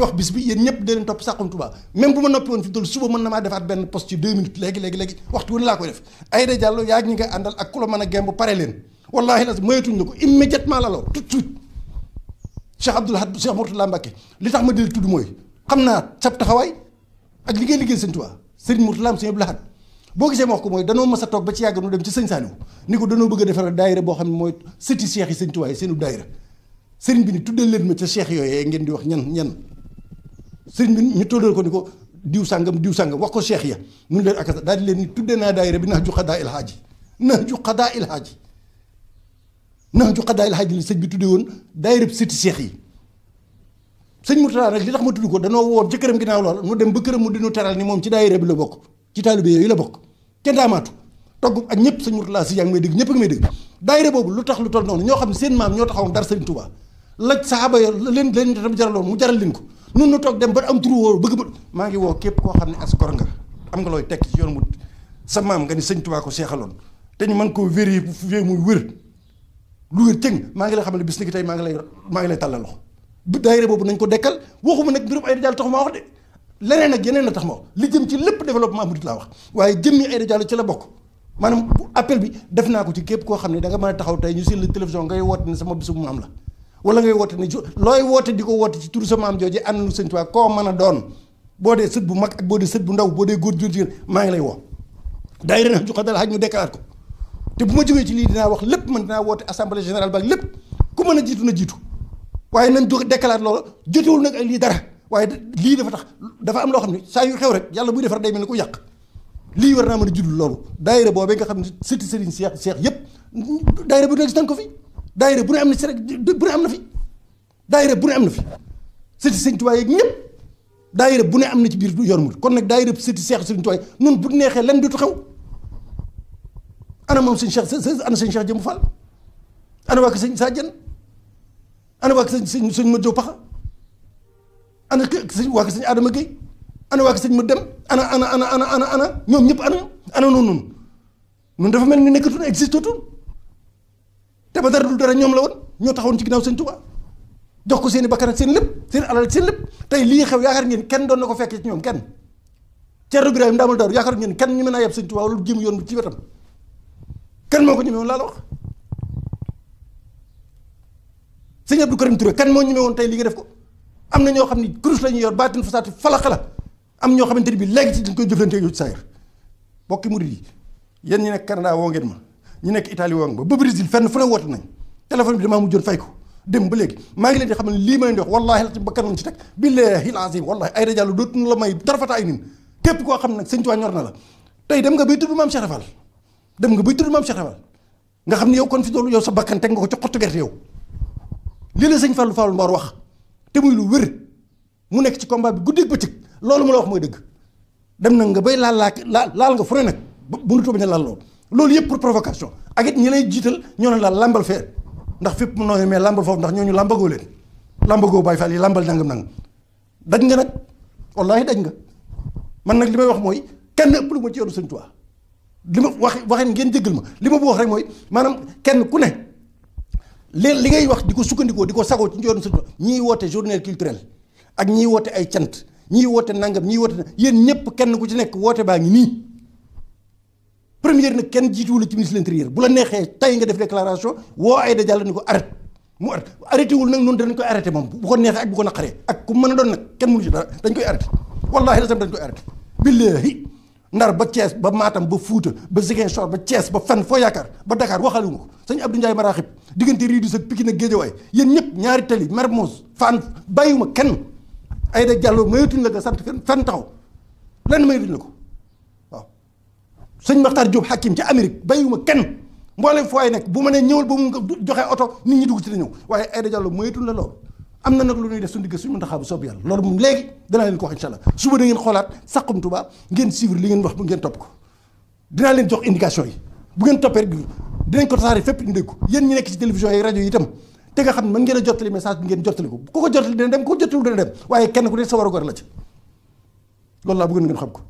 wax rek bis bi yéen ñëpp dinañ topp Saxum Touba même bu ma noppi woon fi dol suba mën na maa defaat benn poste ci deux minutes léegi léegi léegi waxtu wala laa koy def Aïda Diallo yaa ngi nga àndal ak ku mën a gemb pare leen wallahi lazim moyetuñ la Cheikh Abdoul Ahad Cheikh Mourtala Mbacke li tax ma di tudd mooy xam naa sab taxawaay ak li ngay liggéey sëñ Tuubaa sëriñ Mourtala am sëñ Abdoul Ahad boo gisee ma ko mooy danoo mas a toog ba ci yàgg nu dem ci sëñ Saaliw ni ko danoo bëgg defar daayira boo xam ne mooy sëti cheikh yi sëñ Tuubaa yi seenu daayira bi ni tuddal leen ma ca cheikh yooyee ngeen di wax ñan ñan sëriñ bi ñu tóllal ko ni ko diw sàngam diw sàngam wax ko cheikh ya mun leen akasa daal di leen ni tuddee naa daayira bi nax ju xadaa ilhaaji nax ju xadaa ilhaaji naaju xaddaay la xaj li sëñ bi tuddee woon daayirab siti seex yi sëñ Mourtada nag li tax ma tudd ko danoo woon ci këram ginnaaw loola nu dem ba këram mu dinu teral ni moom ci daayira bi la bokk ci taalibe yooyu la bokk te ndaamaatu togg ak ñëpp sëñ Mourtada si yaa ngi may ñëpp a ngi lu tax lu toll noonu ñoo xam ne seen maam ñoo taxawoon dara sëñ Touba laj leen leen tam jaraloon mu jaral leen ko nun nu toog dem ba am turu woo bëgg ba maa ngi woo képp koo xam ne askor nga am nga looy tekk yoon mu sa maam nga ni sëñ Touba ko seexaloon te ñu mën koo vérifier muy wér lu wér cëng maa ngi lay xam ne tey maa ngi lay maa ngi lay tàllal loxo bu daayira boobu nañ ko dekkal waxuma nag mbirum Aïda Diallo tax maa wax de leneen ak yeneen a tax ma wax li jëm ci lépp développement murid laa wax waaye jëmmi Aïda Diallo ci la bokk maanaam appel bi def naa ko ci képp koo xam ne da nga mën a taxaw tey ñu seen la télévision ngay woote ne sama bisu maam la wala ngay woote ne looy woote di ko woote ci turu sa maam jooju ànd nu koo mën a doon boo dee sët bu mag ak boo dee sët bu ndaw boo dee góor jur jigéen maa ngi lay woo daayira na ju xadal xaj ñu dekkalaat ko te bu ma jógee ci lii dinaa wax lépp man dinaa woote assemblée générale ba lépp ku mën a jiitu na jiitu waaye nañ do déclaré loolu jotewul nag ay lii dara waaye lii dafa tax dafa am loo xam ne saa yu xew rek yàlla buy defar day mel ni ko yàq lii war naa mën a judul loolu daayira boobee nga xam ne sëti sëriñ seex seex yëpp daayira bu ne gis ko fi daayira bu ne am na si rek bu am na fi daayira bu am na fi sëti sëriñ Tuubaa yeeg ñëpp daayira bu ne am na ci biir yor mu kon nag daayira sëti seex sëriñ Tuubaa nun bu neexee lan dootu xew ana moom sëñ Cheikh ana sëñ Cheikh Jëmb Fall ana waa ko sëñ Saajën ana waa ko sëñ sëñ ma Jow Paxa ana sëñ waa ko sëñ Adama Guèye ana waa ko sëñ ma Dem ana ana ana ana ana ana ñoom ñëpp ana ana noonu noonu ñun dafa mel ni nekkatul existatul te ba dara dul dara ñoom la woon ñoo taxawoon ci ginnaaw sëñ Tuubaa jox ko seen i bakkan ak seen lépp seen alal ak seen lépp tey lii xew yaakaar ngeen kenn doon na ko fekkee ñoom kenn Thierno Birahim Ndaamal Daaru yaakaar ngeen kenn ñu mën a yeb sëñ Tuubaa lu jëm yoon ci wetam kan moo ko ñemee woon laa la wax sëñ Abdou Karim Touré kan moo ñemee woon tey li nga def ko am na ñoo xam ni kurus la ñuy yor baatin fasaati falax la am ñoo xamante ni bii léegi ci dañ koy jëflante ak yow ci saa yër bokki murid yi yéen ñi nekk Canada woo ma ñu nekk Italie woo ngeen ma ba Brésil fenn fu ne woote nañ téléphone bi damaa mujjoon fay ko dem ba léegi maa ngi leen di xam ne lii may ndox wallaahi la ci ci teg billaahi lazim wallaahi ay rajo dootuñu la may tarfata ay nin koo xam ne nag sëñ Tuubaa ñor na la tey dem nga bay tudd maam Cheikh dem nga bay tudd maam Cheikh Ibra nga xam ne yow kon fi doolu yow sa bakkan teg nga ko ci xottu gerte lii la sëñ Fallou Fallou Mbaor wax te muy lu wér mu nekk ci combat bi guddeeg bëccëg loolu mu la wax mooy dëgg dem na nga bay laal laal laal nga fu ne nag bu nu bañ a laal lool loolu yëpp pour provocation ak it ñi lay jiital ñoo ne laal làmbal fee ndax fépp mu nooyee mais làmbal foofu ndax ñooñu làmbagoo leen làmbagoo Baay Faal yi làmbal danga nangam daj nga nag wallaahi daj nga man nag li may wax mooy kenn ëpp lu ma ci yoonu sëñ Tuubaa li ma wax waxee ngeen jéggal ma li ma bëgg wax rek mooy maanaam kenn ku ne li li ngay wax di ko sukkandikoo di ko sagoo ci njoon sa ñiy woote journée culturelle ak ñu woote ay cant ñiy woote nangam ñiy woote yéen ñëpp kenn ku ci nekk woote baa ngi nii. première nag kenn jiituwul ci ministre de l'intérieur bu la neexee tey nga def déclaration woo Aïda Diallo ni ko arrêté mu arrêté wul nag noonu danañ koy arrêté moom bu ko neexee ak bu ko naqaree ak ku mën a doon nag kenn mënu ci dara dañ koy arrêté wallaahi la sam dañ koy arrêté billaahi ndar ba cees ba Matam ba Fuuta ba Ziguinchor ba cees ba fenn foo yaakaar ba Dakar waxaale wu ko sëñ Abdou Ndiaye Maraxib diggante Riidus ak Pikine ak Géejawaay yéen ñëpp ñaari tali Mermoz Fann bàyyiwuma kenn ay da jàlloo mayatuñ la nga sant fenn fenn taxaw lenn mayatuñ la ko waaw sëñ Maxtaar Diop Hakim ci Amérique bàyyiwuma kenn mboole foo ay nekk bu ma nee ñëwal ba mu joxe oto nit ñi dugg ci la ñëw waaye ay da jàlloo mayatuñ la lool. am na nag lu ñuy def suñu digg suñu Muntaxa bu soob yàlla loolu moom léegi danaa leen ko wax incha allah suba da ngeen xoolaat Saxum Touba ngeen suivre li ngeen wax bu ngeen topp ko dinaa leen jox indication yi bu ngeen toppee rek dinañ ko tasaare fépp ñu ko yéen ñi nekk ci télévision yi rajo yi tam te nga xam ne mën ngeen a jottali message bi ngeen jottali ko ko jottali dina dem ku ko jottali dina dem waaye kenn ku ne sa war a gor la ci loolu laa xam ko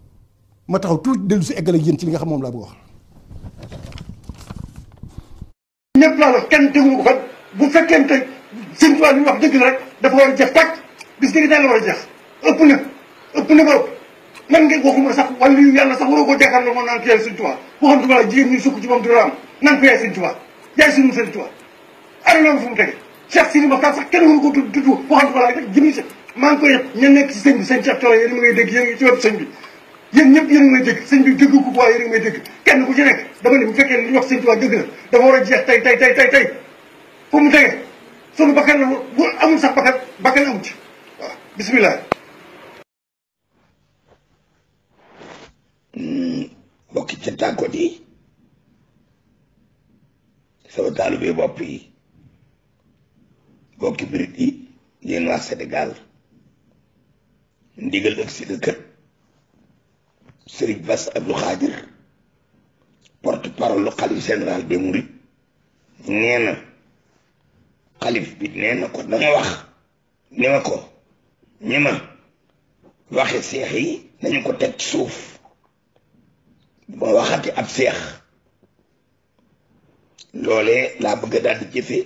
ma taxaw tuuti dellu si eggale yéen ci li nga xam moom laa bëgg wax ñëpp laa wax kenn tegu sëñ Tuubaa li ñu wax dëgg la rek dafa war a jeex tàkk bis dëgg daal la war a jeex ëpp na ëpp na ba ëpp man nga waxuma sax wala yu yàlla sax waroo koo jàkkaar la moom naan ko yaay sëñ Tuubaa waxam tuba la jigéen ñuy sukk ci moom dina am naan ko yaay sëñ Tuubaa yaay suñu sëñ Tuubaa ana loolu fu mu tege Cheikh Sidi Mokhtar sax kenn waru ko tudd tudd waxam tuba la rek jëmi si maa ngi koy yëpp ña nekk ci sëñ bi sëñ Cheikh Tola yéen a ngay dégg yéen ci web sëñ bi yéen ñëpp yéen a ngay dégg sëñ bi dégg ko quoi yéen a ngay dégg kenn ku ci nekk dama ne bu fekkee li ñu wax sëñ Tuubaa dëgg la dafa war a jeex tey tey tey tey tey fu mu tege sunu bakkan la bu amul sax bakkan bakkan amu ci waaw bisimilah. Hmm, mbokki ca tànkoot yi sama taalubee bopp yi mbokki birit yi yéen waa Sénégal ndigal ak si kër Serigne Bass Abdou Khadir porte parole lu xalif général bi murit nee na xalif bi nee na ko dama wax ni ma ko ni ma waxi seex yi nañu ko teg suuf ma waxati ab seex loole laa bëgg daal di jëfe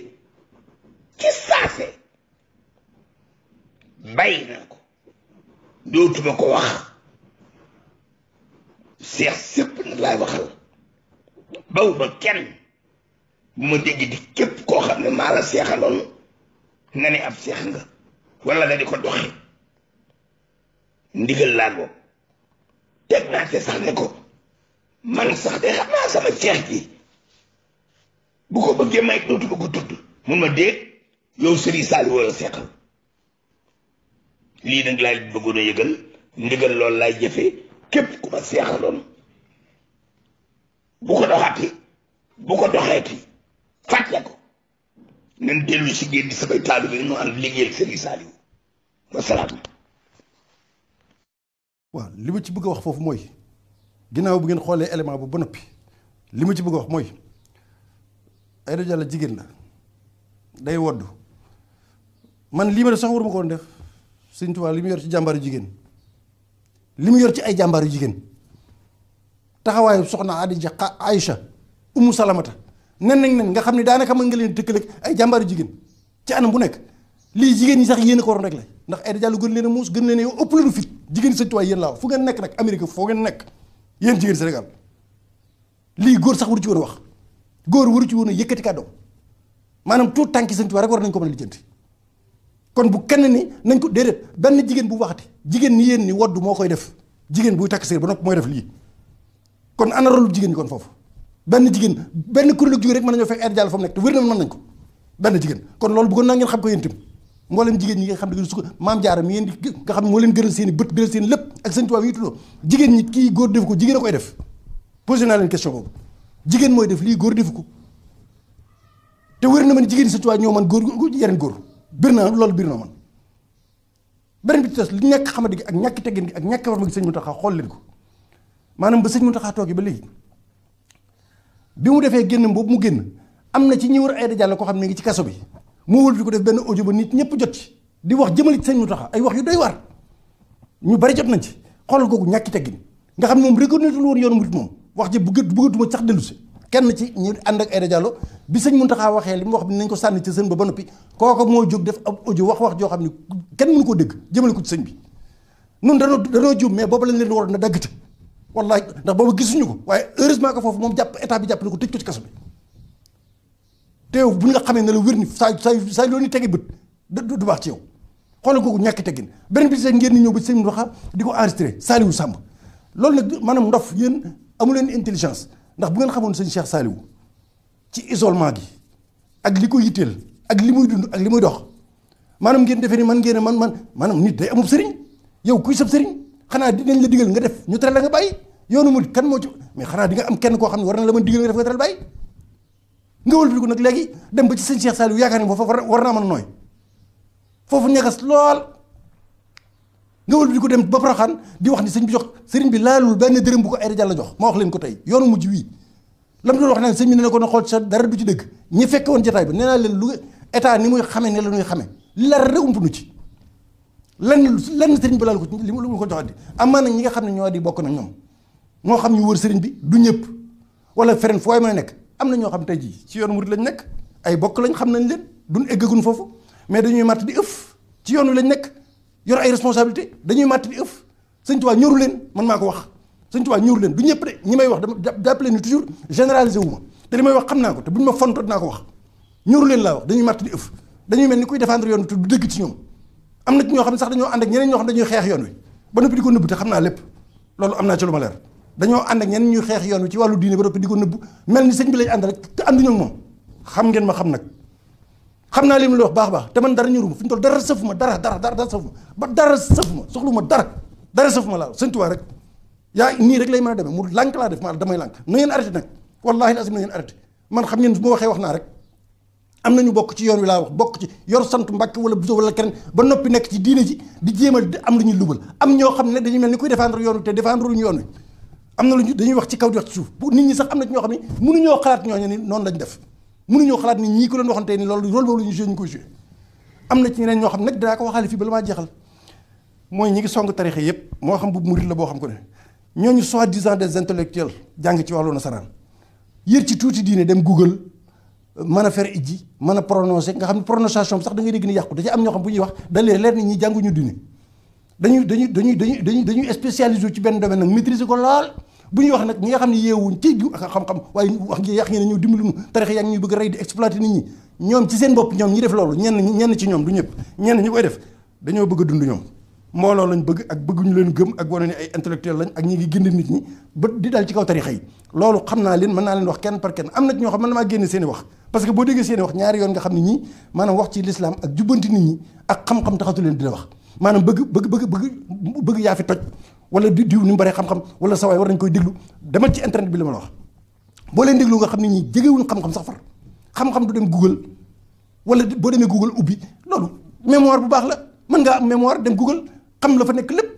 ci saase bàyyi naa ko dootuma ko wax seex sépp na laay waxal baw kenn bu ma dégg di képp koo xam ne maa la seexaloon na ni ab seex nga wala na di ko dox ndigal laa ko teg naa te sax ne ko man sax de xam naa sama seex ji bu ko bëggee may dootuma ko tudd mun ma dégg yow sëriñ Saali wala seexal lii nag laay bëggoon a yëgal ndigal loolu laay jëfe képp ku ma seexaloon bu ko doxati bu ko doxeeti fàtte ko nañ dellu si géej di samay taalibe yi ñu ànd liggéeyal Serigne Saliou wasalaam. waaw li ma ci bëgg a wax foofu mooy ginnaaw bu ngeen xoolee élément bu ba noppi li ma ci bëgg a wax mooy Aïda Diallo jigéen la day wodd man lii ma def sax waruma ko woon def Sëriñ Tuubaa li mu yor ci jàmbaaru jigéen li mu yor ci ay jàmbaaru jigéen taxawaayu soxna Adja Aïcha Umu Salamata nen nañ nen nga xam ne daanaka mën nga leen tëkkaleeg ay jàmbaaru jigéen ci anam bu nekk lii jigéen ñi sax yéen a ko waroon rek la ndax Aïda Diallo gën leen a muus gën leen a yow ëpp leen fit jigéen ñi Sëñ Tuubaa yéen laa fu ngeen nekk nag Amérique foo ngeen nekk yéen jigéen Sénégal lii góor sax waru ci woon a wax góor waru ci woon a yëkkati kàddoom maanaam tout tànki Sëñ rek war nañ ko mën a lijjanti kon bu kenn ni nañ ko déedéet benn jigéen bu waxati jigéen ni yéen ni wodd moo koy def jigéen buy takk séer ba noppi mooy def lii kon ana rolu jigéen kon foofu benn jigéen benn kuréelu jigéen rek mën nañoo fekk air jàll fa mu nekk te wér na nañ ko benn jigéen kon loolu bëggoon naa ngeen xam ko yéen itam mboolem jigéen ñi nga xam ne su ko maam jaara mi ngeen di nga xam ne moo leen gëral i bët gëral seen lépp ak yi tuddoo ko jigéen koy def posé naa leen question jigéen mooy def lii góor defu ko te wér na man jigéen sa tubaab ñoo man góor yeneen góor bir na loolu bir na man beneen bi ci des li ñàkk xamante gi ak ñàkk teggin gi ak ñàkk war ma gi sëñ Muntaxa xool leen ko maanaam ba sëñ Muntaxa toogee ba léegi bi mu defee génn boobu mu génn am na ci ñi ay Aïda Diallo koo xam ne ngi ci kaso bi moo wël di ko def benn audio ba nit ñëpp jot ci di wax jëmali sëñ Mountakha ay wax yu doy waar ñu bari jot nañ ci xoolal googu ñàkki teggin nga xam ne moom reconnaître woon yoonu moom wax ji bëgg bëggatuma sax dellu kenn ci ñu ànd ak Aïda Diallo bi sëñ Mountakha waxee li mu wax nañ ko sànni ci sëñ ba ba noppi kooko moo jóg def ab audio wax wax joo xam ne kenn mënu koo dégg jëmale ko ci sëñ bi nun danoo danoo juum mais boobu lañ leen war na daggate wallahi ndax boobu gisuñu ko waaye heureusement ko foofu moom jàpp état bi jàpp na ko tëj ko ci kaso bi teew bu ñu la xamee ne la wér ni saa saa saa loolu ni tege bët du baax ci yow xoolal kooku ñàkki teggin beneen bi seen ngeen ni ñëw ba seen ndoxa di ko enregistré Saliou Samb loolu nag maanaam ndof yéen amu leen intelligence ndax bu ngeen xamoon sëñ Cheikh Saliou ci isolement gi ak li ko yitteel ak li muy dund ak li muy dox maanaam ngeen defee ni man ngeen man man maanaam nit day amub sëriñ yow kuy sab sëriñ xanaa dinañ la digal nga def ñu tere nga bàyyi. yoonu mu kan moo ci mais xanaa di nga am kenn koo xam ne war na la mën digal def nga teral bàyyi nga wëlbati ko nag léegi dem ba ci sëñ Cheikh Saliou yaakaar ni foofu war naa mën a nooy foofu ñagas lool nga wëlbati ko dem ba Porokhane di wax ni sëñ bi jox sëriñ bi laalul benn dërëm bu ko ay jàll jox ma wax leen ko tey yoonu mujj wii lam doon wax naan sëñ bi ne na ko na xool sa dara du ci dëgg ñi fekk woon jotaay bi nee naa leen lu état ni muy xame ne la ñuy xame li la rek ump nu ci lenn lenn sëriñ bi laal ko ci li mu ko joxati am na ñi nga xam ne ñoo di bokk na ñoom moo xam ñu wër sëriñ bi du ñëpp wala feneen fooy mën a nekk am na ñoo xam tey jii ci yoon murid lañ nekk ay bokk lañ xam nañ leen duñ eggagun foofu mais dañuy màtt di ëff ci yoon wi lañ nekk yor ay responsabilité dañuy màtt di ëf sëñ Tuubaa leen man maa ko wax sëñ Tuubaa ñoru leen du ñëpp de ñi may wax dama jàpp leen ni toujours wu ma te li wax xam naa ko te buñ ma fonto ko wax ñoru leen laa wax dañuy màtt di mel ni kuy défendre yoon wi te du dëgg ci ñoom am na ci ñoo xam ne sax dañoo ànd ak ñeneen ñoo xam dañuy xeex yoon wi ba noppi di ko nëbb te xam naa lépp loolu am naa ci lu ma leer dañoo ànd ak ñenn ñuy xeex yoon wi ci wàllu diine ba noppi di ko nëbbu mel ni sëñ bi lañ ànd rek te ànduñu ak moom xam ngeen ma xam nag xam naa li mu la wax baax baax te man dara ñoruma fi ñu toll dara sëfuma dara dara dara dara sëfuma ba dara sëfuma soxluma dara dara sëfuma laa sëñ Tuubaa rek yaa nii rek lay mën a demee mu lànk laa def ma damay lànk na ngeen arrêté nag wallaahi lasim na ngeen arrêté man xam ngeen bu ma waxee wax naa rek am nañu bokk ci yoon wi laa bokk ci yor sant Mbàkke wala Buso wala keneen ba noppi nekk ci diine ji di jéemal am lu ñuy lubal am ñoo xam ne dañu mel ni kuy défendre yoon wi te défendre ñu yoon wi am na lu ñu dañuy wax ci kaw di wax ci suuf bu nit ñi sax am na ci ñoo xam ne mënuñoo xalaat ñooñu ni noonu lañ def mënuñoo xalaat ni ñi ko leen waxoon tey ni loolu xam nag dinaa ko waxaale fii ba la maa jeexal ñi ngi song tarixe yëpp moo xam bu murit la boo xam ko ne ñooñu soi-disant des intellectuels jàng ci wàllu nasaraan ci tuuti diine dem Google mën a faire ijji mën a nga xam ne prononciation bi sax da ngay dégg ni yàqu da ci am ñoo xam bu ñuy wax da leer leer ni ñi dañuy dañuy dañuy dañuy dañuy ci benn domaine nag maîtriser ko laal bu ñuy wax nag ñi nga xam ne yeewuñ ci xam-xam waaye wax ngi yàq ngeen ñëw dimbaluñu tarix yaa ngi ñuy bëgg rey di exploiter nit ñi ñoom ci seen bopp ñoom ñi def loolu ñenn ñenn ci ñoom du ñëpp ñenn ñi koy def dañoo bëgg a dund ñoom mbooloo lañ bëgg ak bëgg ñu leen gëm ak wane ne ay intellectuel lañ ak ñi nit ñi ba di dal ci kaw naa leen mën naa leen wax kenn par kenn am na ñoo xam man maa génne seen i wax parce que boo déggee seen i wax ñaari yoon nga xam ne ñii maanaam wax ci lislaam ak jubbanti nit ñi ak xam-xam taxatu leen dina wax maanaam bëgg bëgg bëgg bëgg bëgg yaa fi toj wala di diw ni mu bëree xam-xam wala sa waay war nañ koy déglu demal ci internet bi la ma la wax boo leen déglu nga xam ne ñi jegewuñ xam-xam sax far xam-xam du dem google wala boo demee google ubbi loolu mémoire bu baax la mën ngaa am mémoire dem google xam la fa nekk lépp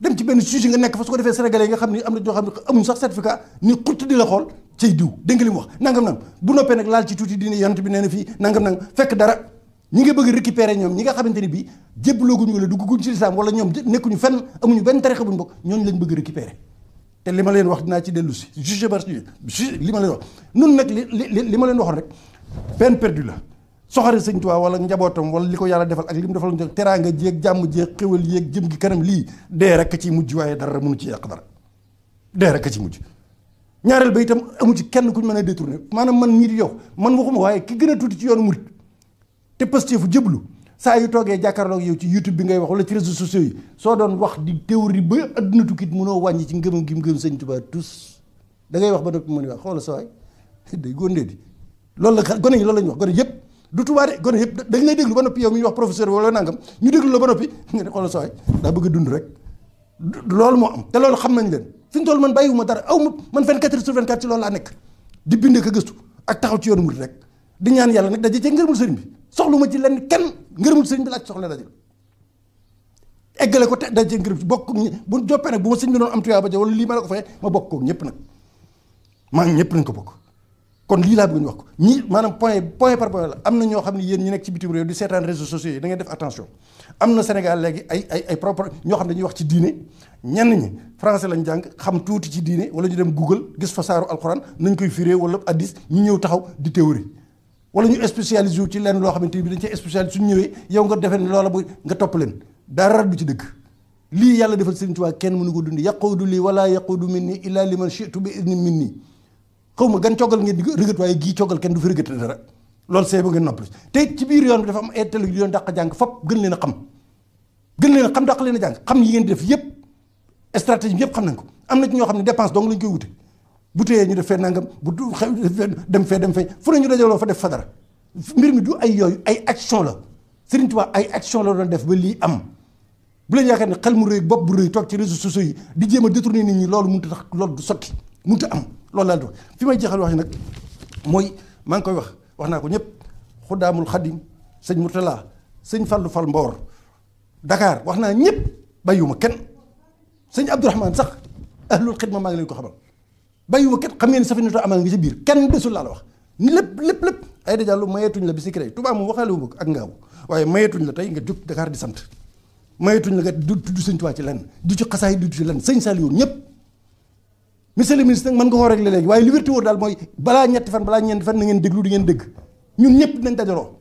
dem ci benn sujet nga nekk fa su ko defee sénégalais nga xam ne am na ñoo xam ne amuñ sax certificat ni xult di la xool cay diw dégg wax nangam nangam bu noppee nag laal ci tuuti dina yonent bi nee na fii nangam nangam fekk dara ñi nga bëgg récupérer ñoom ñi nga xamante ni bii jébbalooguñ wala dugguñ ci lislaam wala ñoom nekkuñu fenn amuñu benn tarixa buñ bokk ñooñu lañ bëgg récupérer te li ma leen wax dinaa ci dellu si juge par juge li ma leen wax nun nag li li li ma leen waxoon rek penn perdue la soxari sëñ Tuubaa wala njabootam wala li ko yàlla defal ak li mu defal ñu teraanga jeeg jàmm jéeg xéwal yéeg jëm gi kanam lii dee rek ci mujj waaye dara mënu ci yàq dara dee rek ci mujj ñaareel ba itam amu ci kenn kuñ mën a détourné maanaam man mii yow man waxuma waaye ki gën tuuti ci yoonu murit te positif jëblu sa yu toogee jàkkaarloog yow ci YouTube bi ngay wax wala ci réseaux sociaux yi soo doon wax di théorie ba aduna tukit mëno wañ ci ngeum gi ngeum seigne touba tous da ngay wax ba noppi mu wax xol sa way day góondee di loolu la gone yi loolu lañ wax gone yépp du tubaab de gone yépp dañ lay déglu ba nopi yow mi wax professeur wala nangam ñu déglu la ba nopi ngi xol sa way da bëgg dund rek loolu mo am té loolu xam nañ leen fiñ tol man bayiwuma dara aw man 24 sur 24 ci loolu la nek di bindé ka gëstu ak taxaw ci yoonu mu rek di ñaan yàlla nag daje ci mu serigne bi soxlu ma ci lenn kenn ngir mu sëñ bi laaj soxla dajul eggale ko te daje ngërëm bokk bu joppee nag bu ma sëñ bi doon am tuyaa ba ja wala lii ma la ko fayee ma bokk koog ñëpp nag maa ngi ñëpp nañ ko bokk kon lii laa bëgg ñu wax ko ñii maanaam point point par point la am na ñoo xam ne yéen ñi nekk ci bitim réew di seetaan réseaux sociaux yi da def attention am na Sénégal léegi ay ay ay ñoo xam ne dañuy wax ci diine ñenn ñi français lañ jàng xam tuuti ci diine wala ñu dem Google gis fa nañ koy firee wala addis ñu ñëw taxaw di théorie wala ñu spécialisé wu ci lenn lo xamante bi dañ ci spécialisé suñu ñëwé yow nga defee loolu bu nga top leen dara du ci dëgg li yalla defal sëriñ Tuubaa kenn mënu ko dundi yaqudu li wala yaqudu minni illa liman shi'tu bi idni minni xawma ma gan coggal ngeen di rëgët waaye gi ciogal kenn du fi rëgëtal dara loolu sey ba ngeen noppal té ci biir yoon bi dafa am étal télé yu doon dàq fop gën leen xam gën leen xam dàq leen jang xam yi ngeen def yépp stratégie yépp xam nañ ko amna ci ño xamni dépense dong lañ koy wuté bu téyee ñu def fee nangam bu du xew dem fee dem fee fu ne ñu dajaloo fa def fa dara mbir mi du ay yooyu ay action la Serigne Touba ay action la doon def ba lii am bu leen yaakaar ne xel mu rëy bopp bu rëy toog ci réseaux sociaux yi di jéem a détourner nit ñi loolu mënut a tax loolu du sotti mënut a am loolu laa doon fi may jeexal wax nag mooy maa ngi koy wax wax naa ko ñëpp xuddaamul xadim sëñ Mourtala sëñ falu Fall Mbor Dakar wax naa ñëpp bàyyiwuma kenn sëñ Abdourahmane sax ahlul xidma maa ngi leen ko xamal. bàyyiwa kat xam ngeen safinatu amal nga ci biir kenn desul laa la wax ni lépp lépp lépp ay da jàllu mayeetuñ la bi si cré Tuubaa moom waxaale wu ak ngaaw waaye mayeetuñ la tey nga jóg Dakar di sant mayeetuñ la nga du tudd Sëñ Tuubaa ci lenn du ci xasaay du ci lenn sëñ Saliou ñëpp monsieur le ministre nag mën nga koo régler léegi waaye li wérti wóor daal mooy balaa ñetti fan balaa ñeenti fan na ngeen déglu di ngeen dégg ñun ñëpp nañ dajaloo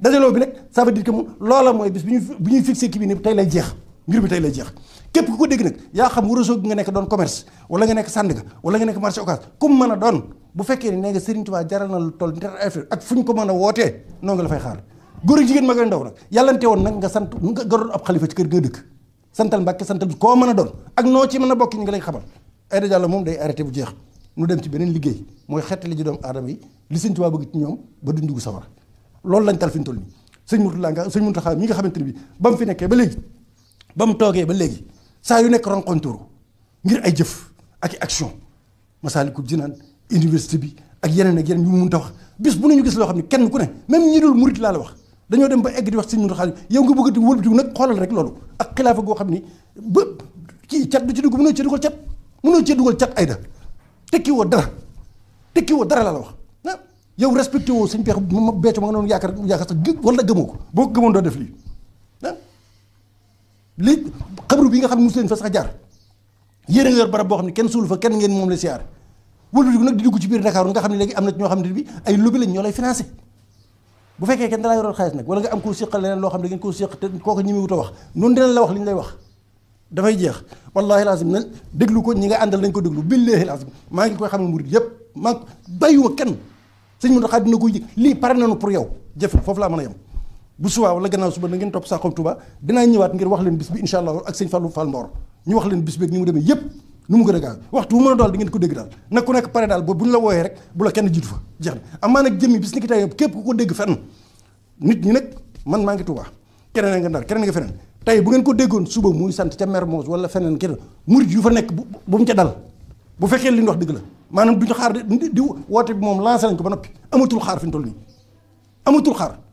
dajaloo bi nag ça veut dire que moom loola mooy ñuy fixé kii bi ni tey lay jeex mbir mi tey lay jeex képp ku ko dégg nag yaa xam wërësoo gi nga nekk doon commerce wala nga nekk Sandaga wala nga nekk marché Ocass comme mën a doon bu fekkee ne nga Serigne Touba jaral na lu toll ak fu ñu ko mën a wootee noo nga la fay xaar góor ak woon nag nga sant nga doon ab xalifa ci kër nga mën a doon noo ci mën bokk ñu moom day bu jeex nu dem mooy xettali ji doomu aadama yi li Serigne Touba bëgg ci ñoom ba dundu gu nga sëñ Mountakha mi nga xamante ne bi ba mu fi nekkee ba léegi ba mu toogee ba léegi saa yu nekk rencontre ngir ay jëf ak i action Masaalikul Jinaan université bi ak yeneen ak yeneen yu mu mënta wax bis bu ñu gis loo xam ne kenn ku ne même ñi dul murit laa la wax dañoo dem ba egg di wax si ñun xaalis yow nga bëgg di wëlbatiku nag xoolal rek loolu ak xilaafa goo xam ni ba kii cat du ci dugg mënoo cee dugal cat mënoo cee dugal cat ayda tekki woo dara tekki woo dara laa la wax ah, yow respecté woo suñ pexe ma becco ma nga noonu yaakaar yaakaar sax wala gëmoo ko boo ko gëmoon doo def lii li xabru bi nga xam ne fa sax jaar yere ngeur barab bo xamni ken kenn fa ken ngeen mom la siar wul dug nak di dug ci bir Dakar nga xamni legi amna am na bi ay lobby lañ ñolay financer bu fekke ken da la yoroon xaalis nak wala nga am ko séqal leneen lo xamni da ngeen ko séq te koko ñimi muy wut wax nun dina la wax li lay wax fay jeex wallahi lazim na deglu ko ñi nga andal nañ ko deglu billahi lazim ma ngi koy xamni murid yeb ma bayu ken sëñ mu ndax dina koy lii pare nañu pour yow jeuf fofu la mëna yam bu subaa wala gannaaw suba na ngeen topp Saxum Touba dinaa ñëwaat ngir wax leen bis bi incha allah ak sëñ Fallou Fall Mbor ñu wax leen bis bi ak ni mu demee yëpp nu mu gën a gaaw waxtu bu mën a daal di ngeen nekk pare daal bu ñu la wooyee rek bu la kenn jiitu fa jeex na amaa ñi nag man maa ngi Touba keneen nga ndar keneen nga feneen tey bu ngeen ko déggoon suba muy sant ca Mermoz wala feneen keneen murit yu fa nekk bu mu ca dal bu fekkee li ñu wax dëgg la maanaam ñu xaar di woote bi moom lancé nañ ko ba noppi amatul xaar fi ñu toll amatul xaar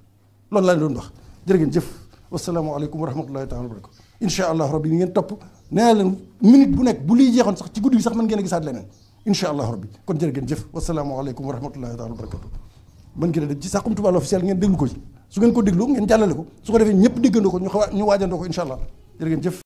loolu laa doon wax jër ngeen jëf wasalaamaaleykum wa rahmatullahi taala wa barakatu incha allah rabbi ngeen topp nee leen minute bu nekk sax ci guddi gi sax mën ngeen a gisaat leneen incha allah rabbi kon jërë ngeen jëf wasalaamaaleykum wa rahmatullahi taala wa barakatu mën ngeen a dem ci Saxum Touba ngeen déglu ko ci su ngeen ko déglu ngeen jàllale ko su ko defee ñëpp déggandoo ko ñu xaw ñu waajandoo ko incha allah jërë ngeen jëf